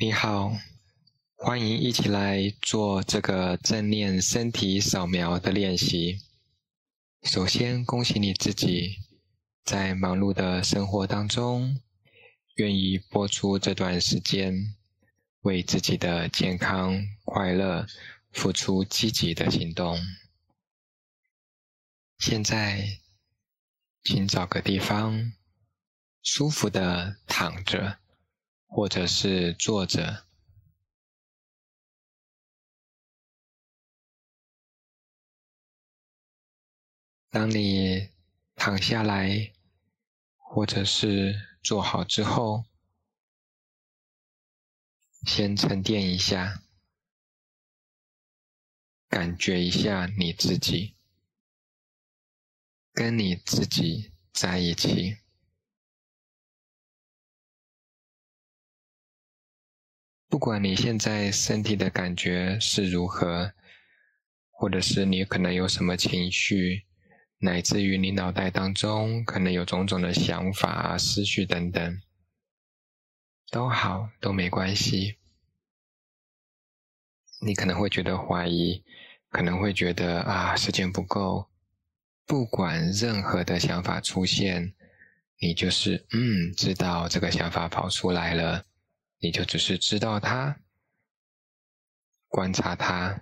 你好，歡迎一起來做這個正念身體掃描的練習。首先，恭喜你自己，在忙碌的生活當中，願意撥出這段時間，為自己的健康快樂付出積極的行動。現在，請找個地方，舒服的躺着。或者是坐着，當你躺下來，或者是坐好之後，先沉澱一下，感覺一下你自己，跟你自己在一起。不管你現在身體的感覺是如何，或者是你可能有什麼情緒，乃至於你腦袋當中可能有種種的想法啊、思緒等等，都好，都沒關係。你可能會覺得懷疑，可能會覺得，啊，時間不夠。不管任何的想法出現，你就是，嗯，知道這個想法跑出來了。你就只是知道它，觀察它，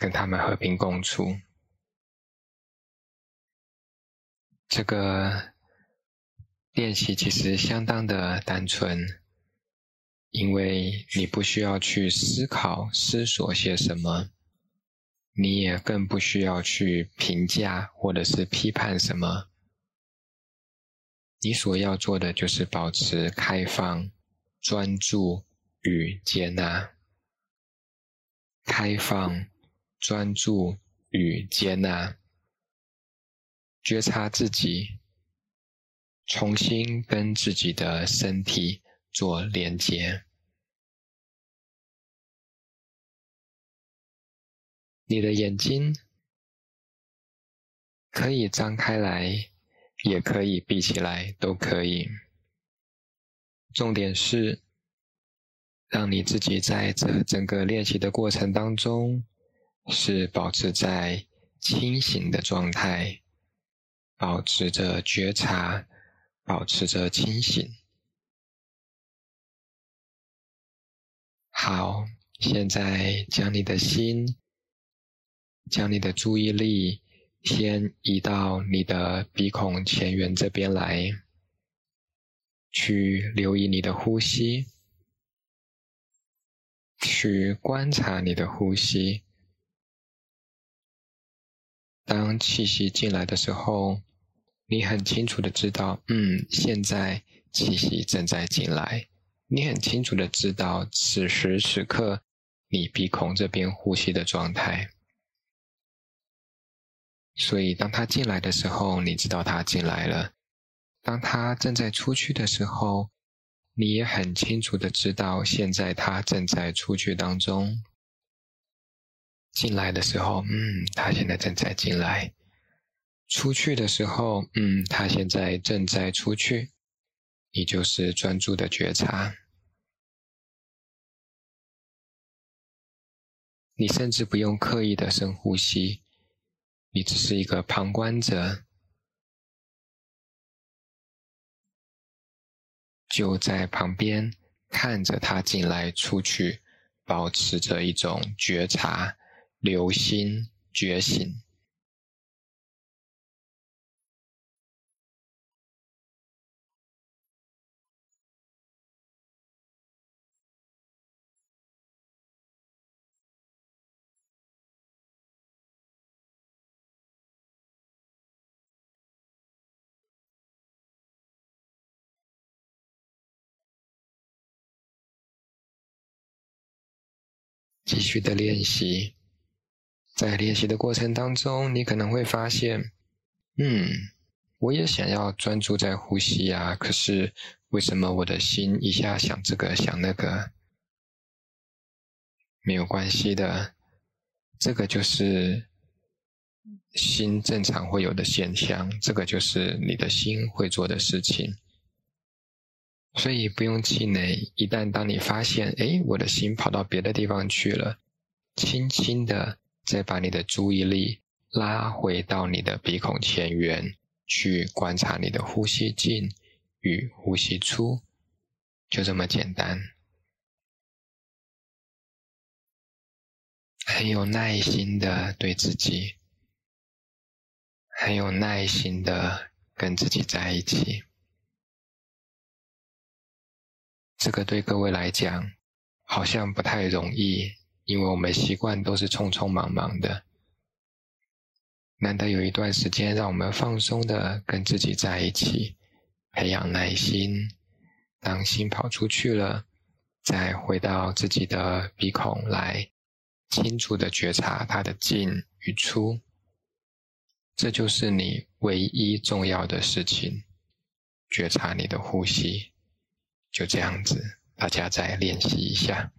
跟他們和平共處。這個練習其實相當的單純，因為你不需要去思考、思索些什麼，你也更不需要去評價或者是批判什麼。你所要做的就是保持開放。專注與接納，開放，專注與接納，覺察自己，重新跟自己的身體做連接。你的眼睛可以張開來，也可以閉起來，都可以。重點是，讓你自己在這整個練習的過程當中，是保持在清醒的狀態，保持着覺察，保持着清醒。好，現在將你的心，將你的注意力先移到你的鼻孔前緣這邊來。去留意你的呼吸，去觀察你的呼吸。當氣息進來的時候，你很清楚的知道，嗯，現在氣息正在進來。你很清楚的知道，此時此刻你鼻孔這邊呼吸的狀態。所以，當它進來的時候，你知道它進來了。當他正在出去的時候，你也很清楚的知道現在他正在出去當中。進來的時候，嗯，他現在正在進來；出去的時候，嗯，他現在正在出去。你就是專注的覺察，你甚至不用刻意的深呼吸，你只是一個旁觀者。就在旁邊看着他進來出去，保持着一種覺察、留心、覺醒。繼續的練習，在練習的過程當中，你可能會發現，嗯，我也想要專注在呼吸啊，可是為什麼我的心一下想這個，想那個？沒有關係的，這個就是心正常會有的現象，這個就是你的心會做的事情。所以不用氣餒，一旦當你發現，哎，我的心跑到別的地方去了，輕輕地再把你的注意力拉回到你的鼻孔前緣，去觀察你的呼吸進與呼吸出，就這麼簡單。很有耐心的對自己，很有耐心的跟自己在一起。這個對各位來講好像不太容易，因為我們習慣都是匆匆忙忙的。難得有一段時間，讓我們放鬆的跟自己在一起，培養耐心。當心跑出去了，再回到自己的鼻孔來，清楚的覺察它的進與出。這就是你唯一重要的事情，覺察你的呼吸。就這樣子，大家再練習一下。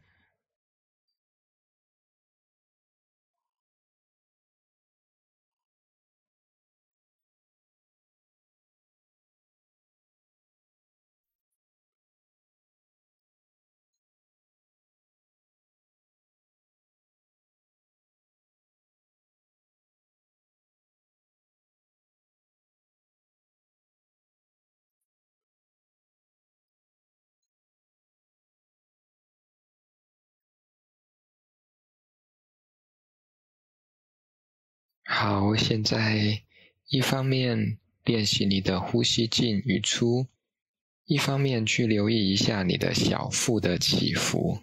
好，我現在一方面練習你的呼吸進與出，一方面去留意一下你的小腹的起伏。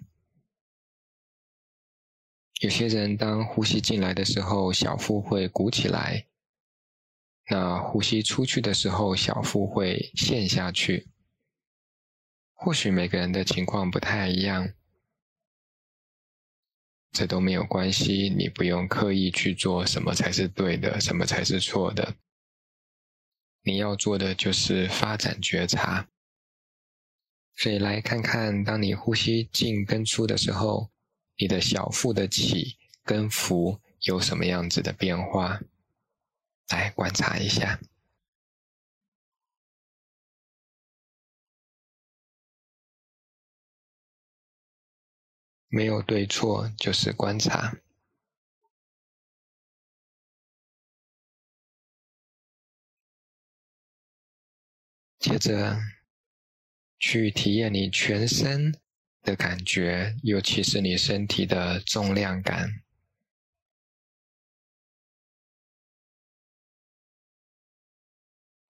有些人當呼吸進來的時候，小腹會鼓起來；那呼吸出去的時候，小腹會陷下去。或許每個人的情況不太一樣。這都沒有關係，你不用刻意去做什麼才是對的，什麼才是錯的。你要做的就是發展覺察。所以來看看，當你呼吸進跟出的時候，你的小腹的起跟伏有什麼樣子的變化，來觀察一下。沒有對錯，就是觀察。接着去體驗你全身的感覺，尤其是你身體的重量感。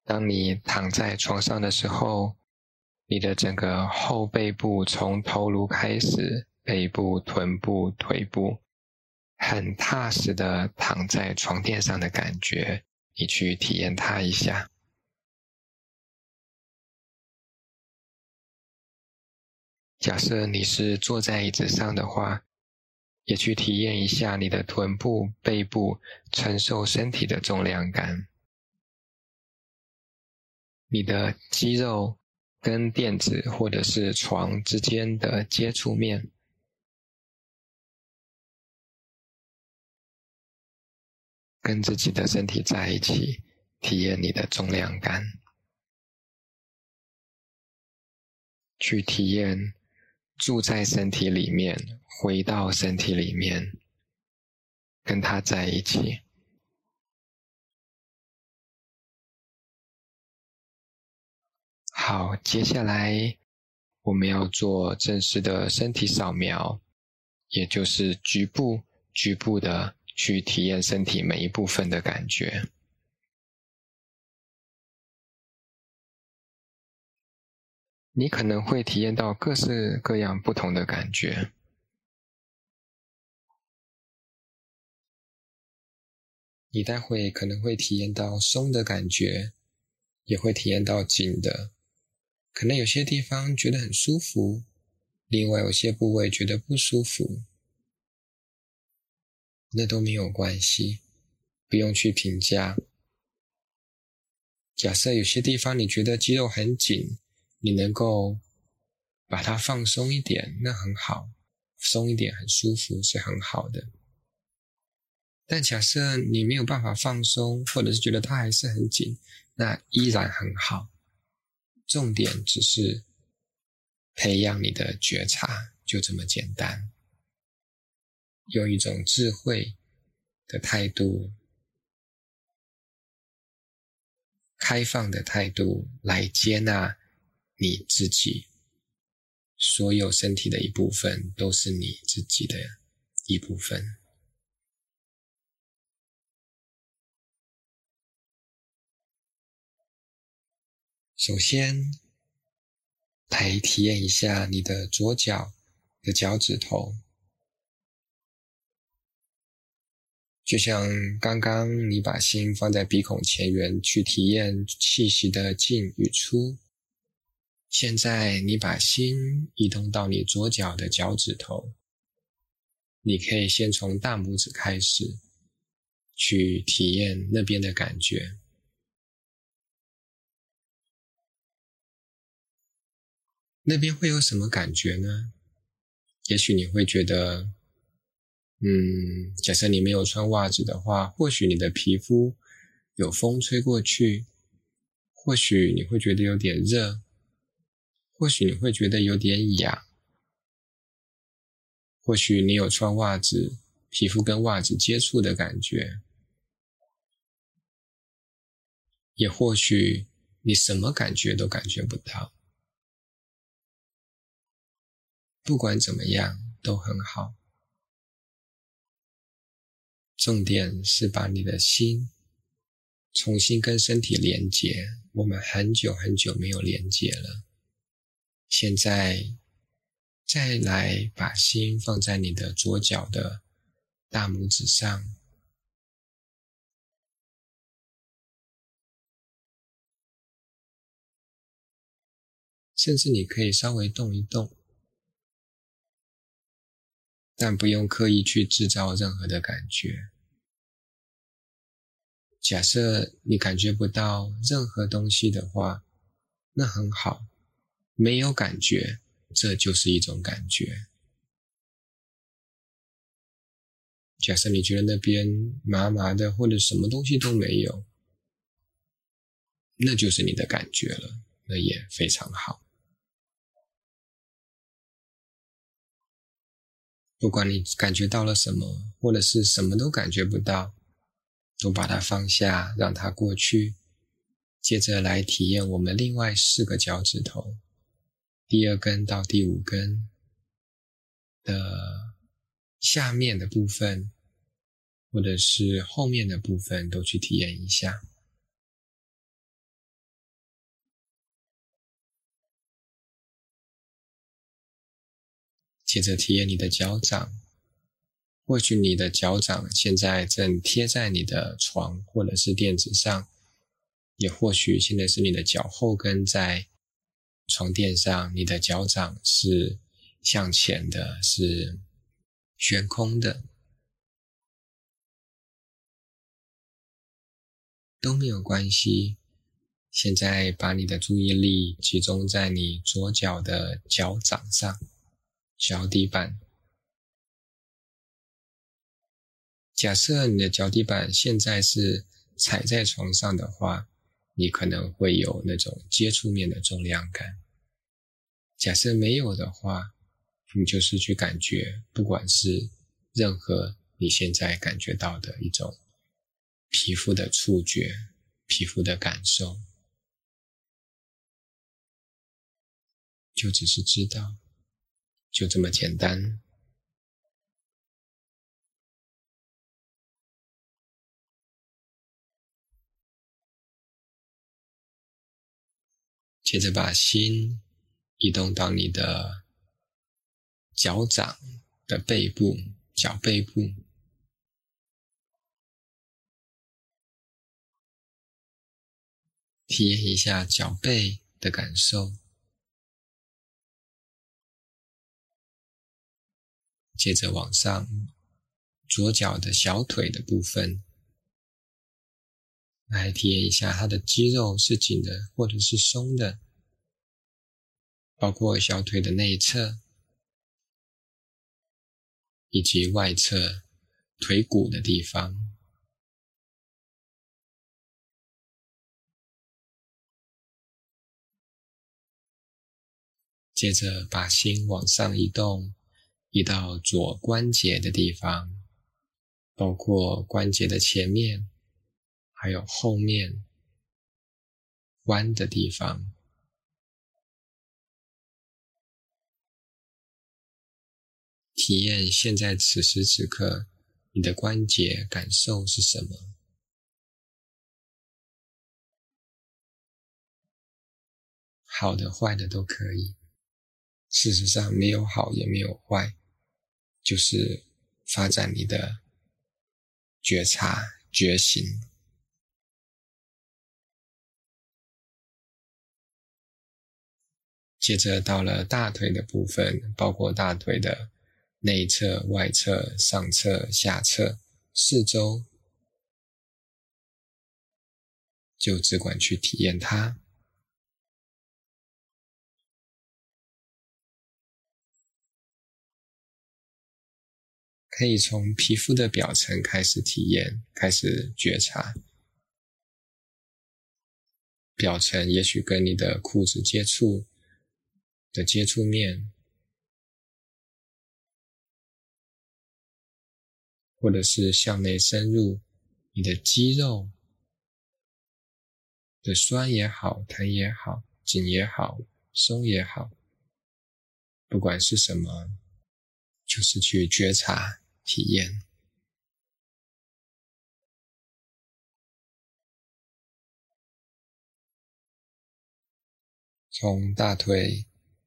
當你躺在床上的時候，你的整個後背部從頭顱開始。背部、臀部、腿部，很踏實的躺在床墊上的感覺，你去體驗它一下。假設你是坐在椅子上的話，也去體驗一下你的臀部、背部承受身體的重量感，你的肌肉跟墊子或者是床之間的接觸面。跟自己的身體在一起，體驗你的重量感。去體驗住在身體裡面，回到身體裡面，跟他在一起。好，接下來我們要做正式的身體掃描，也就是局部、局部的。去體驗身體每一部分的感覺，你可能會體驗到各式各樣不同的感覺。你待會可能會體驗到鬆的感覺，也會體驗到緊的。可能有些地方覺得很舒服，另外有些部位覺得不舒服。那都沒有關係，不用去評價。假設有些地方你覺得肌肉很緊，你能夠把它放鬆一點，那很好，鬆一點很舒服是很好的。但假設你沒有辦法放鬆，或者是覺得它還是很緊，那依然很好。重點只是培養你的覺察，就這麼簡單。用一種智慧的態度、開放的態度來接納你自己，所有身體的一部分都是你自己的一部分。首先，來體驗一下你的左腳的腳趾頭。就像剛剛你把心放在鼻孔前緣去體驗氣息的進與出，現在你把心移動到你左腳的腳趾頭，你可以先從大拇指開始去體驗那邊的感覺。那邊會有什麼感覺呢？也許你會覺得。嗯，假設你沒有穿襪子的話，或許你的皮膚有風吹過去，或許你會覺得有點熱，或許你會覺得有點癢，或許你有穿襪子，皮膚跟襪子接觸的感覺，也或許你什麼感覺都感覺不到。不管怎麼樣，都很好。重點是把你的心重新跟身體連接，我們很久很久沒有連接了。現在再來把心放在你的左腳的大拇指上，甚至你可以稍微動一動。但不用刻意去製造任何的感覺。假設你感覺不到任何東西的話，那很好，沒有感覺，這就是一種感覺。假設你覺得那邊麻麻的，或者什麼東西都沒有，那就是你的感覺了，那也非常好。不管你感覺到了什麼，或者是什麼都感覺不到，都把它放下，讓它過去。接着來體驗我們另外四個腳趾頭，第二根到第五根的下面的部分，或者是後面的部分，都去體驗一下。接着體驗你的腳掌，或許你的腳掌現在正貼在你的床或者是墊子上，也或許現在是你的腳後跟在床墊上，你的腳掌是向前的，是懸空的。都沒有關係，現在把你的注意力集中在你左腳的腳掌上。腳底板。假設你的腳底板現在是踩在床上的話，你可能會有那種接觸面的重量感。假設沒有的話，你就是去感覺，不管是任何你現在感覺到的一種皮膚的觸覺、皮膚的感受，就只是知道。就這麼簡單。接着把心移動到你的腳掌的背部，腳背部。體驗一下腳背的感受。接着往上，左腳的小腿的部分來體驗一下，它的肌肉是緊的或者是鬆的，包括小腿的內側以及外側腿骨的地方。接着把心往上移動。移到左關節的地方，包括關節的前面，還有後面彎的地方，體驗現在此時此刻你的關節感受是什麼？好的、壞的都可以。事實上，沒有好，也沒有壞。就是發展你的覺察、覺醒。接着到了大腿的部分，包括大腿的內側、外側、上側、下側、四周，就只管去體驗它。可以從皮膚的表層開始體驗，開始覺察。表層也許跟你的褲子接觸的接觸面，或者是向內深入你的肌肉的痠也好，疼也好，緊也好，鬆也好，不管是什麼，就是去覺察。體驗，從大腿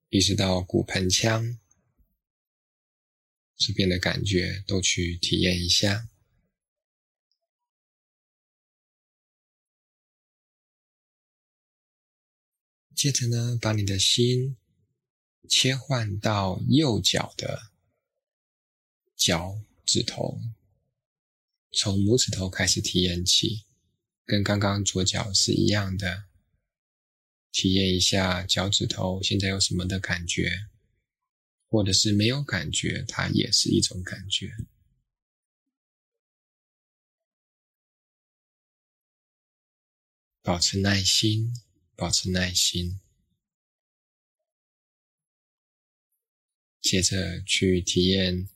一直到骨盆腔這邊的感覺，都去體驗一下。接着呢，把你的心切換到右腳的腳指頭，從拇指頭開始體驗起，跟剛剛左腳是一樣的。體驗一下腳趾頭現在有什麼的感覺，或者是沒有感覺，它也是一種感覺。保持耐心，保持耐心，接着去體驗。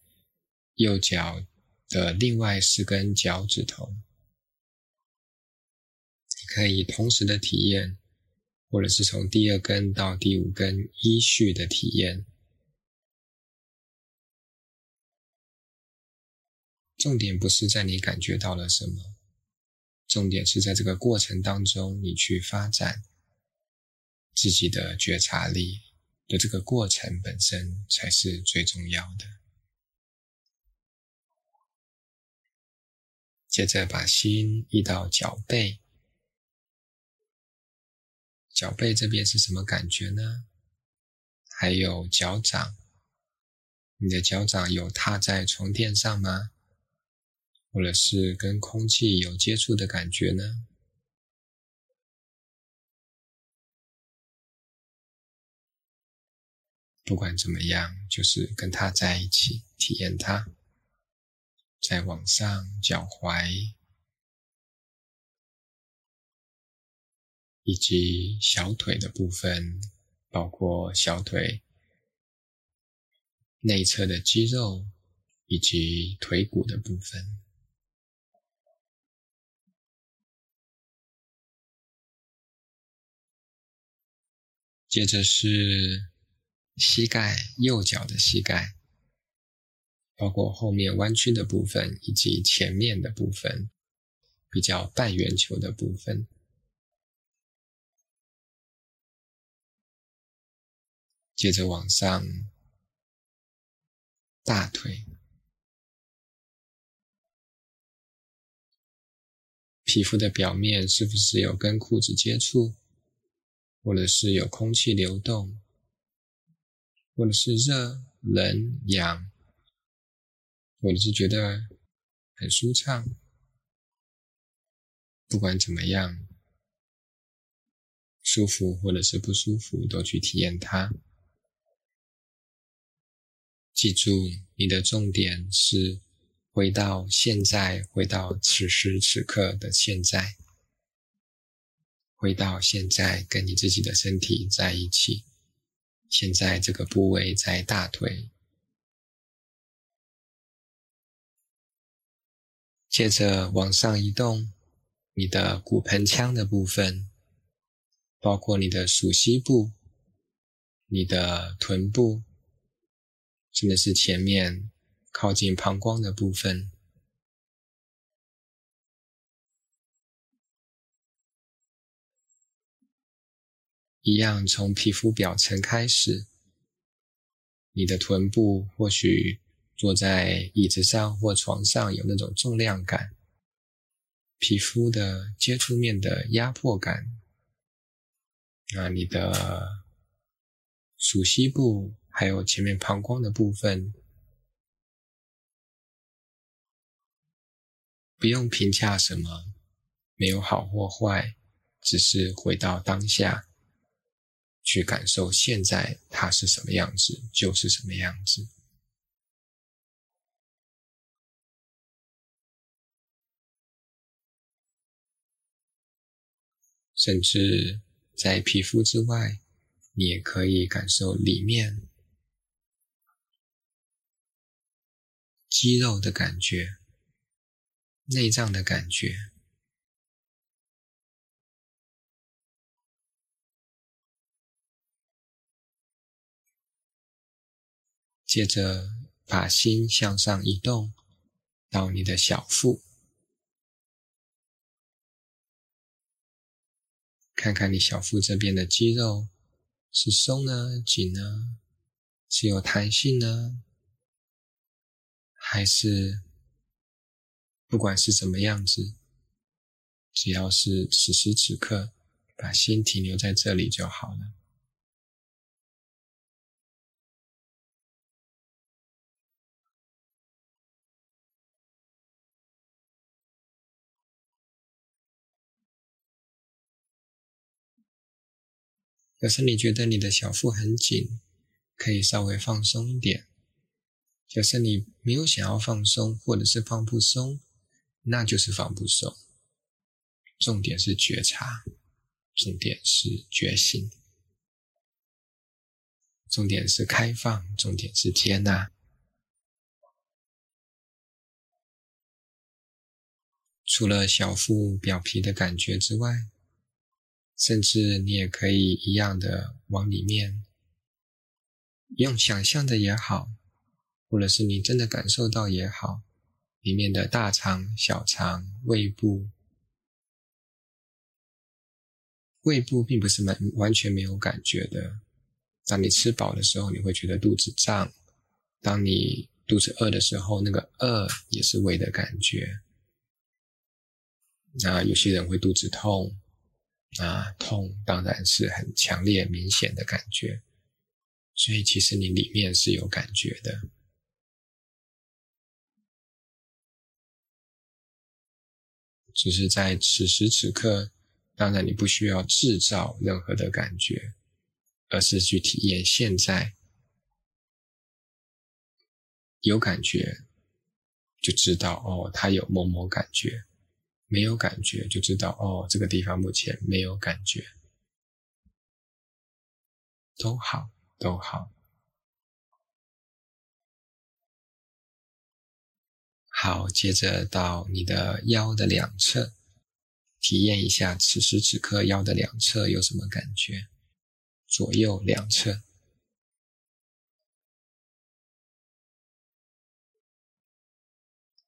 右腳的另外四根腳趾頭，你可以同時的體驗，或者是從第二根到第五根依序的體驗。重點不是在你感覺到了什麼，重點是在這個過程當中，你去發展自己的覺察力的這個過程本身才是最重要的。接着把心移到腳背，腳背這邊是什麼感覺呢？還有腳掌，你的腳掌有踏在床墊上嗎？或者是跟空氣有接觸的感覺呢？不管怎麼樣，就是跟他在一起，體驗它。再往上，腳踝以及小腿的部分，包括小腿內側的肌肉以及腿骨的部分。接着是膝蓋，右腳的膝蓋。包括後面彎曲的部分，以及前面的部分，比較半圓球的部分。接着往上，大腿。皮膚的表面是不是有跟褲子接觸？或者是有空氣流動？或者是熱、冷、癢？或者是覺得很舒暢，不管怎麼樣，舒服或者是不舒服，都去體驗它。記住，你的重點是回到現在，回到此時此刻的現在，回到現在跟你自己的身體在一起。現在這個部位在大腿。接着往上移動，你的骨盆腔的部分，包括你的鼠蹊部、你的臀部，真的是前面靠近膀胱的部分，一樣從皮膚表層開始。你的臀部或許。坐在椅子上或床上，有那種重量感，皮膚的接觸面的壓迫感。那你的鼠蹊部，還有前面膀胱的部分，不用評價什麼，沒有好或壞，只是回到當下，去感受現在它是什麼樣子，就是什麼樣子。甚至在皮膚之外，你也可以感受裡面肌肉的感覺、內臟的感覺。接着，把心向上移動到你的小腹。看看你小腹這邊的肌肉是鬆呢、緊呢，是有彈性呢，還是不管是什麼樣子，只要是此時此刻把心停留在這裡就好了。可是，你覺得你的小腹很緊，可以稍微放鬆一點。要是你沒有想要放鬆，或者是放不鬆，那就是放不鬆。重點是覺察，重點是覺醒。重點是開放，重點是接納。除了小腹表皮的感覺之外。甚至你也可以一樣的往裡面用想象的也好，或者是你真的感受到也好，裡面的大腸、小腸、胃部，胃部並不是蠻完全沒有感覺的。當你吃飽的時候，你會覺得肚子脹；當你肚子餓的時候，那個餓也是胃的感覺。那有些人會肚子痛。那、啊、痛當然是很強烈、明顯的感覺，所以其實你裡面是有感覺的，只是在此時此刻，當然你不需要製造任何的感覺，而是去體驗現在有感覺，就知道哦，他有某某感覺。沒有感覺就知道哦，這個地方目前沒有感覺，都好都好。好，接着到你的腰的兩側，體驗一下此時此刻腰的兩側有什麼感覺，左右兩側，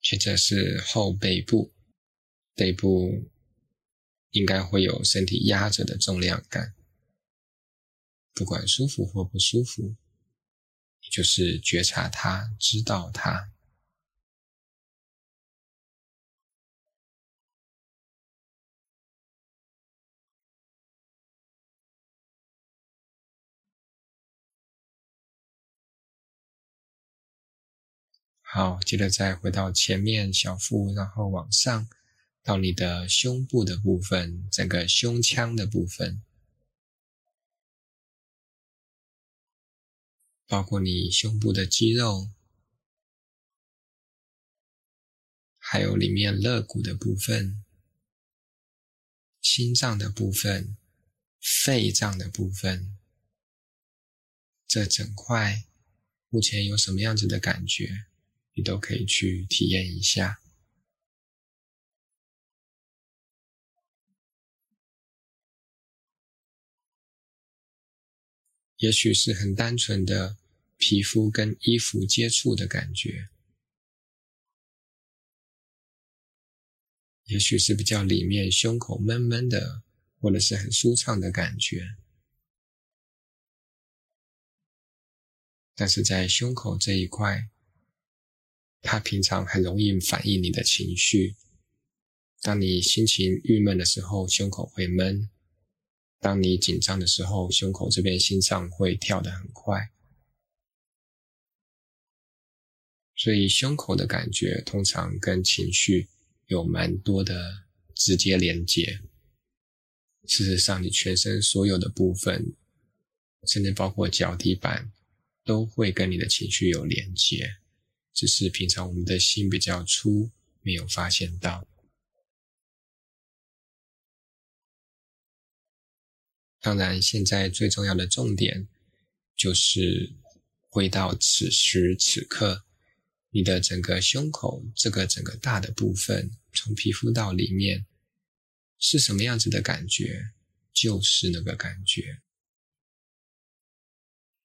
接着是後背部。背部應該會有身體壓着的重量感，不管舒服或不舒服，就是覺察它，知道它。好，接着再回到前面小腹，然後往上。到你的胸部的部分，整個胸腔的部分，包括你胸部的肌肉，還有裡面肋骨的部分、心臟的部分、肺臟的部分，這整塊目前有什麼樣子的感覺，你都可以去體驗一下。也許是很單純的皮膚跟衣服接觸的感覺，也許是比較裡面胸口悶悶的，或者是很舒暢的感覺。但是在胸口這一塊，它平常很容易反映你的情緒。當你心情鬱悶的時候，胸口會悶。當你緊張的時候，胸口這邊心臟會跳得很快，所以胸口的感覺通常跟情緒有蠻多的直接連接。事實上，你全身所有的部分，甚至包括腳底板，都會跟你的情緒有連接，只是平常我們的心比較粗，沒有發現到。當然，現在最重要的重點就是回到此時此刻，你的整個胸口這個整個大的部分，從皮膚到裡面是什麼樣子的感覺，就是那個感覺，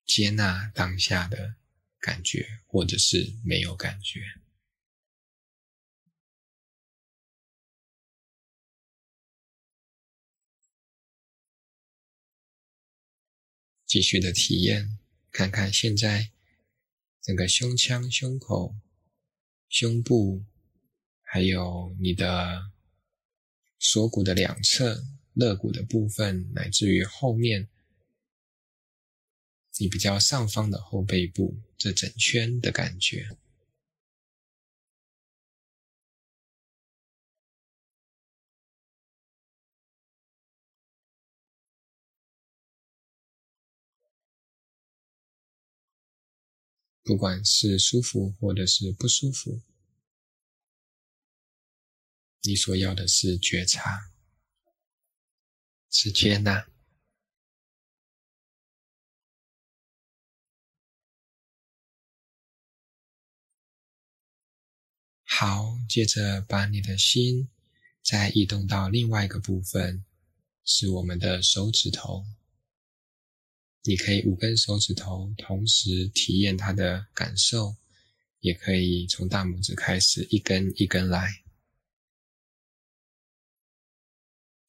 接納當下的感覺，或者是沒有感覺。繼續的體驗，看看現在整個胸腔、胸口、胸部，還有你的鎖骨的兩側、肋骨的部分，乃至於後面你比較上方的後背部，這整圈的感覺。不管是舒服或者是不舒服，你所要的是覺察，是接納。好，接着把你的心再移動到另外一個部分，是我們的手指頭。你可以五根手指頭同時體驗它的感受，也可以從大拇指開始一根一根來。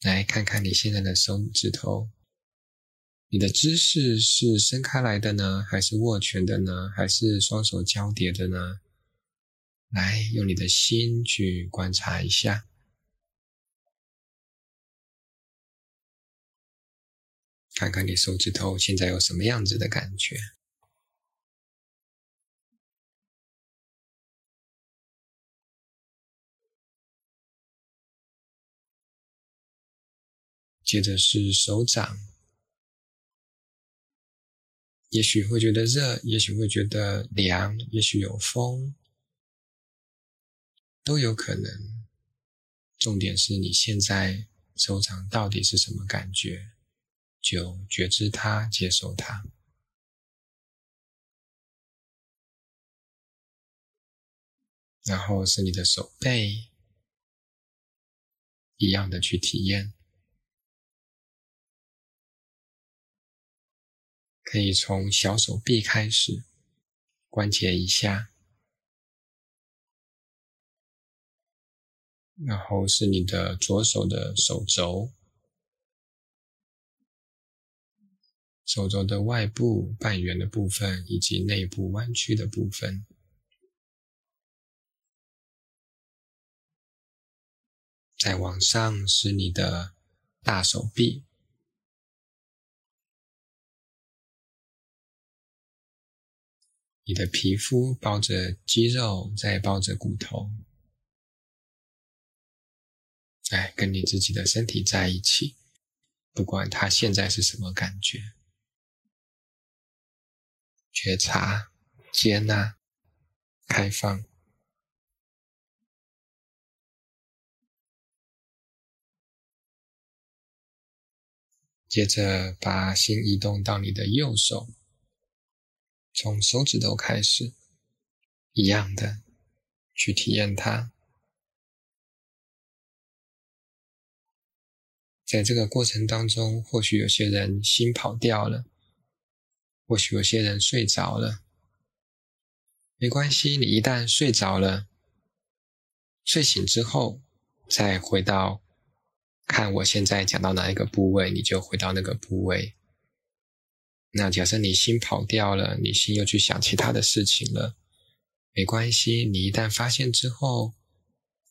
來看看你現在的手指頭，你的姿勢是伸開來的呢？還是握拳的呢？還是雙手交疊的呢？來，用你的心去觀察一下。看看你手指頭現在有什麼樣子的感覺。接着是手掌，也許會覺得熱，也許會覺得涼，也許有風，都有可能。重點是你現在手掌到底是什麼感覺？就覺知它，接受它。然後是你的手背，一樣的去體驗。可以從小手臂開始，關節一下，然後是你的左手的手肘。手肘的外部半圓的部分，以及內部彎曲的部分。再往上是你的大手臂，你的皮膚包著肌肉，再包著骨頭，在跟你自己的身體在一起，不管它現在是什麼感覺。覺察、接納、開放。接着把心移動到你的右手，從手指頭開始，一樣的去體驗它。在這個過程當中，或許有些人心跑掉了。或許有些人睡着了，沒關係。你一旦睡着了，睡醒之後再回到看我現在講到哪一個部位，你就回到那個部位。那假設你心跑掉了，你心又去想其他的事情了，沒關係。你一旦發現之後，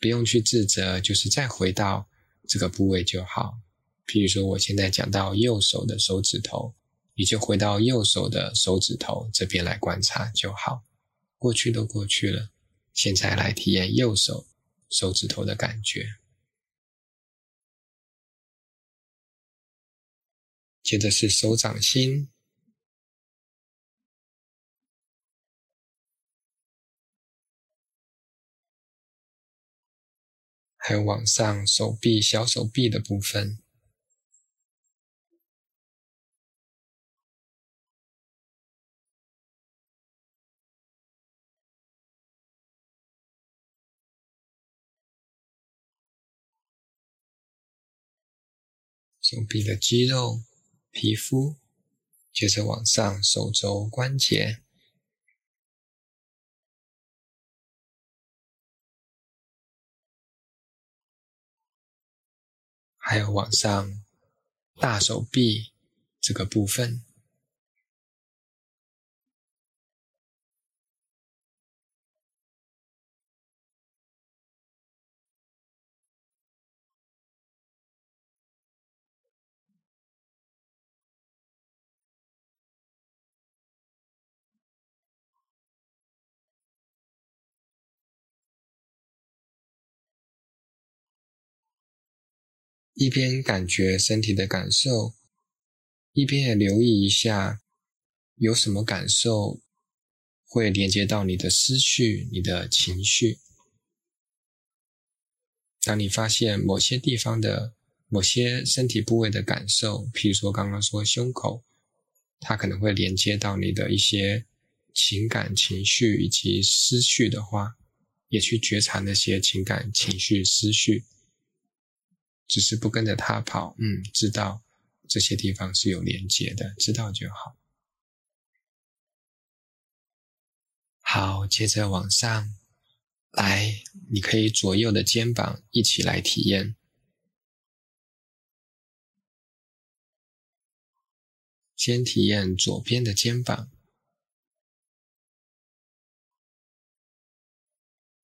不用去自責，就是再回到這個部位就好。譬如說，我現在講到右手的手指頭。你就回到右手的手指頭這邊來觀察就好。過去都過去了，現在來體驗右手手指頭的感覺。接着是手掌心，還有往上手臂、小手臂的部分。手臂的肌肉、皮膚，接着往上手肘關節，還有往上大手臂這個部分。一邊感覺身體的感受，一邊也留意一下有什麼感受會連接到你的思緒、你的情緒。當你發現某些地方的某些身體部位的感受，譬如說剛剛說胸口，它可能會連接到你的一些情感情緒以及思緒的話，也去覺察那些情感情緒、思緒。只是不跟着他跑，嗯，知道這些地方是有連接的，知道就好。好，接着往上，來，你可以左右的肩膀一起來體驗，先體驗左邊的肩膀。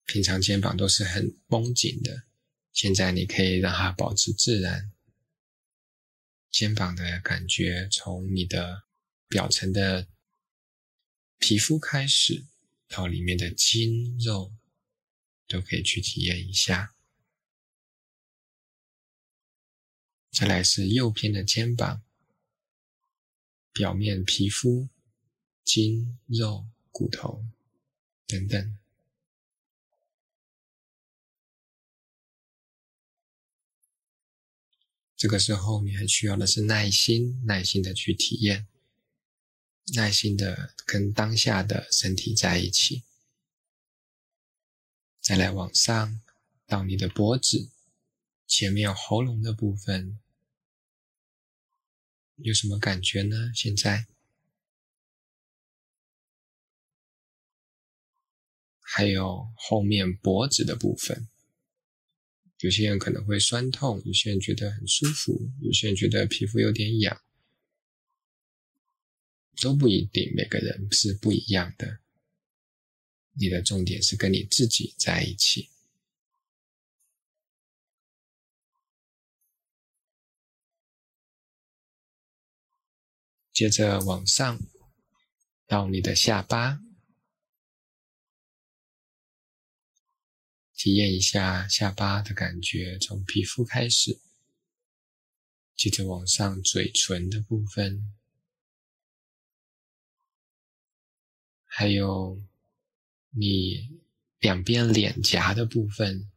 平常肩膀都是很繃緊的。現在你可以讓它保持自然，肩膀的感覺從你的表層的皮膚開始，到裡面的筋肉都可以去體驗一下。再來是右邊的肩膀，表面皮膚、筋肉、骨頭等等。這個時候，你還需要的是耐心，耐心的去體驗，耐心的跟當下的身體在一起。再來往上到你的脖子前面喉嚨的部分，有什麼感覺呢，現在？還有後面脖子的部分。有些人可能會酸痛，有些人覺得很舒服，有些人覺得皮膚有點癢，都不一定，每個人是不一樣的。你的重點是跟你自己在一起。接着往上，到你的下巴。體驗一下下巴的感覺，從皮膚開始，接着往上，嘴唇的部分，還有你兩邊臉頰的部分。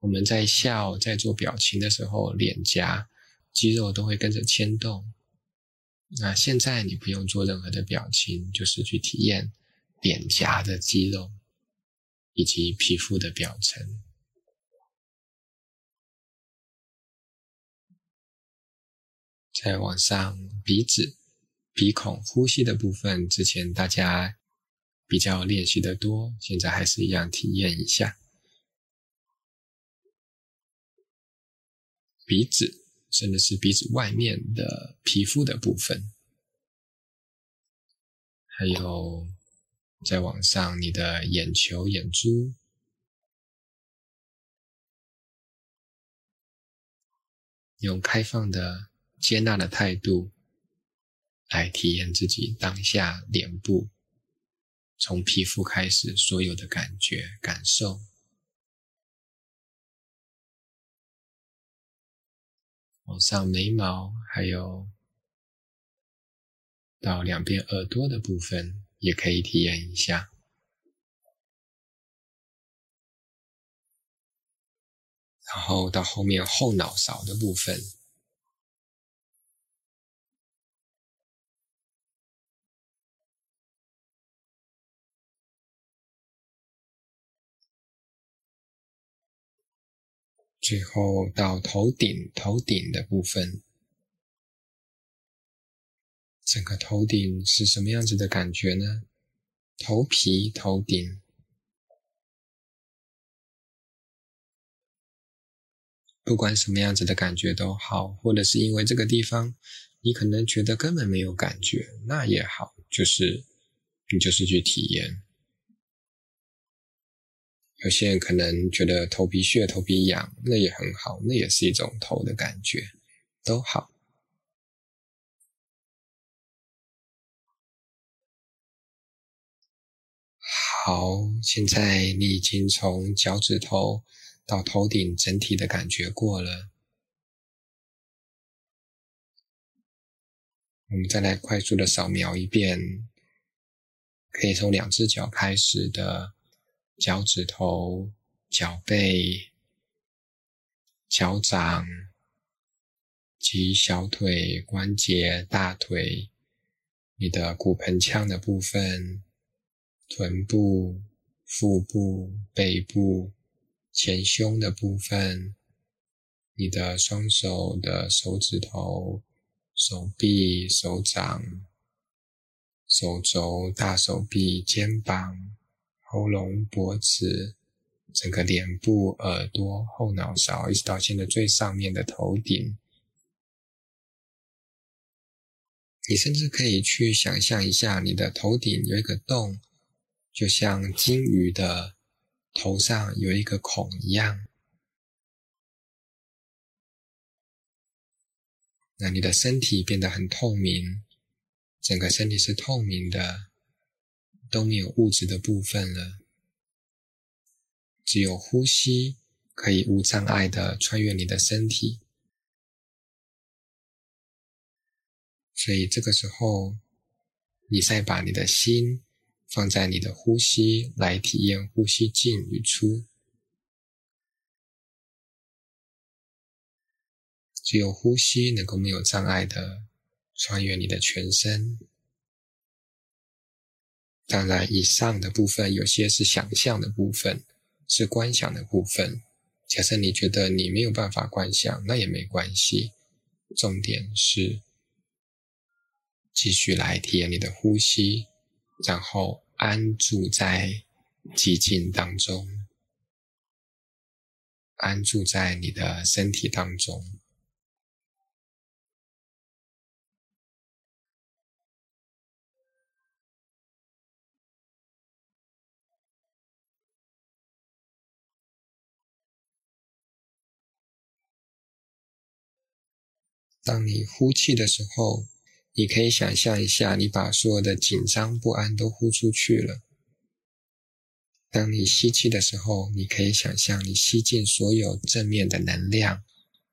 我們在笑，在做表情的時候，臉頰肌肉都會跟着牽動。那現在你不用做任何的表情，就是去體驗臉頰的肌肉。以及皮膚的表層，再往上，鼻子、鼻孔、呼吸的部分，之前大家比較練習的多，現在還是一樣體驗一下。鼻子，甚至是鼻子外面的皮膚的部分，還有。再往上，你的眼球、眼珠，用開放的、接納的態度來體驗自己當下臉部，從皮膚開始，所有的感覺、感受，往上眉毛，還有到兩邊耳朵的部分。也可以體驗一下，然後到後面後腦勺的部分，最後到頭頂，頭頂的部分。整個頭頂是什麼樣子的感覺呢？頭皮、頭頂，不管什麼樣子的感覺都好。或者是因為這個地方，你可能覺得根本沒有感覺，那也好，就是你就是去體驗。有些人可能覺得頭皮屑、頭皮癢，那也很好，那也是一種頭的感覺，都好。好，現在你已經從腳趾頭到頭頂整體的感覺過了，我們再來快速的掃描一遍，可以從兩隻腳開始的腳趾頭、腳背、腳掌及小腿、關節、大腿、你的骨盆腔的部分。臀部、腹部、背部、前胸的部分，你的雙手的手指頭、手臂、手掌、手肘、大手臂、肩膀、喉嚨、脖子、整個臉部、耳朵、後腦勺，一直到現在最上面的頭頂，你甚至可以去想象一下，你的頭頂有一個洞，就像鯨魚的頭上有一個孔一樣，那你的身體變得很透明，整個身體是透明的，都沒有物質的部分了，只有呼吸可以無障礙的穿越你的身體。所以這個時候，你再把你的心。放在你的呼吸來體驗呼吸進與出，只有呼吸能夠沒有障礙的穿越你的全身。當然，以上的部分有些是想象的部分，是觀想的部分。假設你覺得你沒有辦法觀想，那也沒關係。重點是繼續來體驗你的呼吸，然後。安住在寂靜當中，安住在你的身體當中。當你呼氣的時候。你可以想象一下，你把所有的緊張不安都呼出去了。當你吸氣的時候，你可以想象你吸進所有正面的能量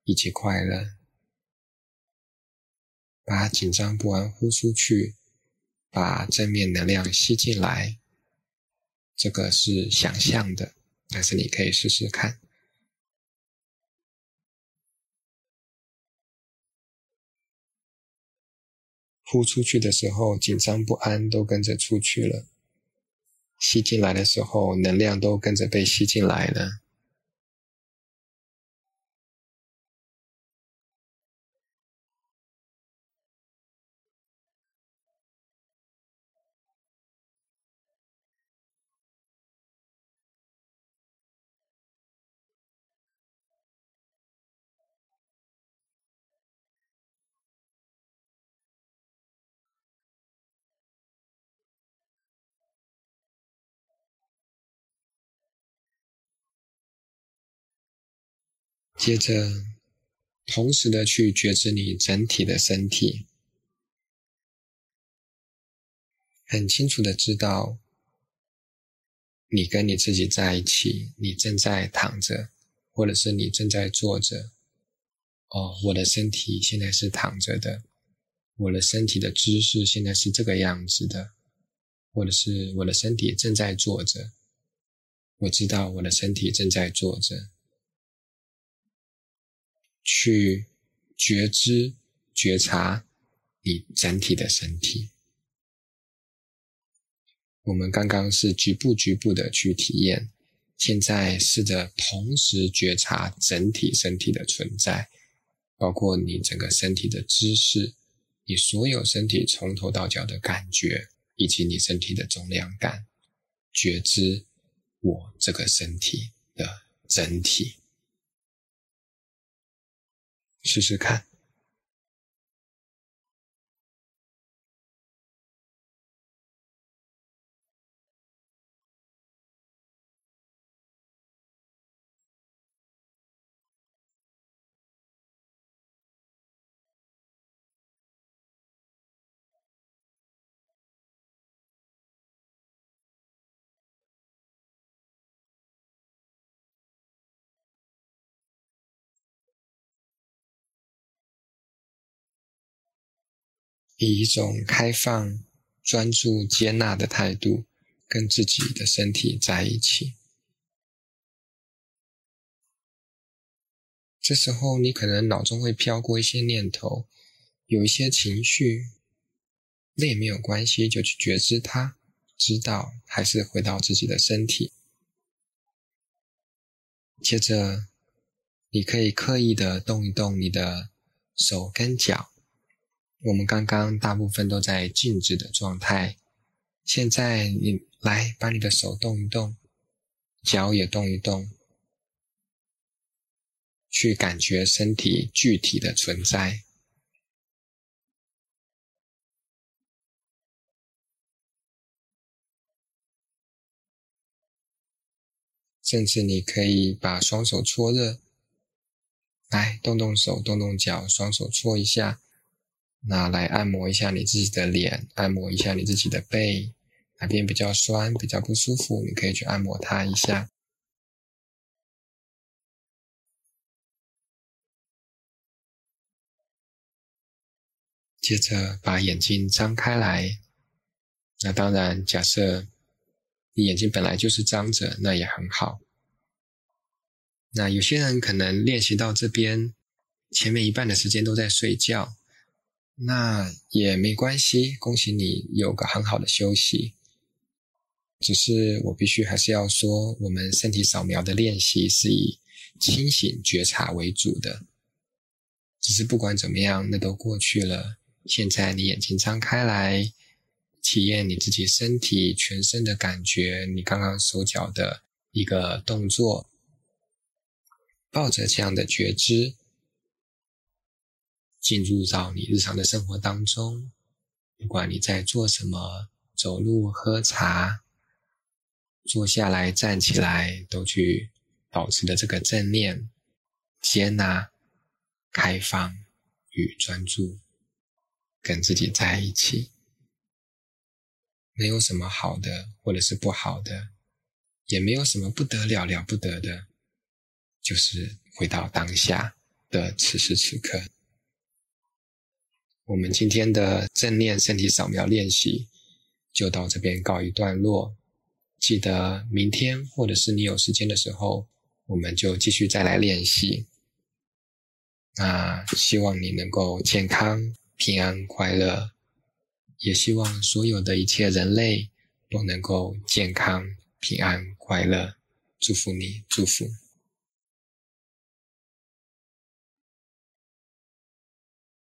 以及快樂。把緊張不安呼出去，把正面能量吸進來。這個是想象的，但是你可以試試看。呼出去的時候，緊張不安都跟着出去了；吸進來的時候，能量都跟着被吸進來了。接着，同時的去覺知你整體的身體，很清楚的知道你跟你自己在一起，你正在躺着，或者是你正在坐着。哦，我的身體現在是躺着的，我的身體的姿勢現在是這個樣子的，或者是我的身體正在坐着。我知道我的身體正在坐着。去覺知、覺察你整體的身體。我們剛剛是局部、局部的去體驗，現在試着同時覺察整體身體的存在，包括你整個身體的姿勢、你所有身體從頭到腳的感覺，以及你身體的重量感。覺知我這個身體的整體。試試看。以一種開放、專注、接納的態度，跟自己的身體在一起。這時候，你可能腦中會飄過一些念頭，有一些情緒，那也沒有關係，就去覺知它，知道還是回到自己的身體。接着，你可以刻意的動一動你的手跟腳。我們剛剛大部分都在靜止的狀態，現在你來把你的手動一動，腳也動一動，去感覺身體具體的存在。甚至你可以把雙手搓熱，來動動手、動動腳，雙手搓一下。那來按摩一下你自己的臉，按摩一下你自己的背，哪邊比較痠、比較不舒服，你可以去按摩它一下。接着把眼睛張開來。那當然，假設你眼睛本來就是張着，那也很好。那有些人可能練習到這邊，前面一半的時間都在睡覺。那也沒關係，恭喜你有個很好的休息。只是我必須還是要說，我們身體掃描的練習是以清醒覺察為主的。只是不管怎麼樣，那都過去了。現在你眼睛張開來，體驗你自己身體全身的感覺，你剛剛手腳的一個動作，抱着這樣的覺知。進入到你日常的生活當中，不管你在做什麼，走路、喝茶、坐下來、站起來，都去保持着這個正念、接納、開放與專注，跟自己在一起。沒有什麼好的或者是不好的，也沒有什麼不得了了不得的，就是回到當下的此時此刻。我們今天的正念身體掃描練習就到這邊告一段落，記得明天或者是你有時間的時候，我們就繼續再來練習。那希望你能夠健康、平安、快樂，也希望所有的一切人類都能夠健康、平安、快樂。祝福你，祝福。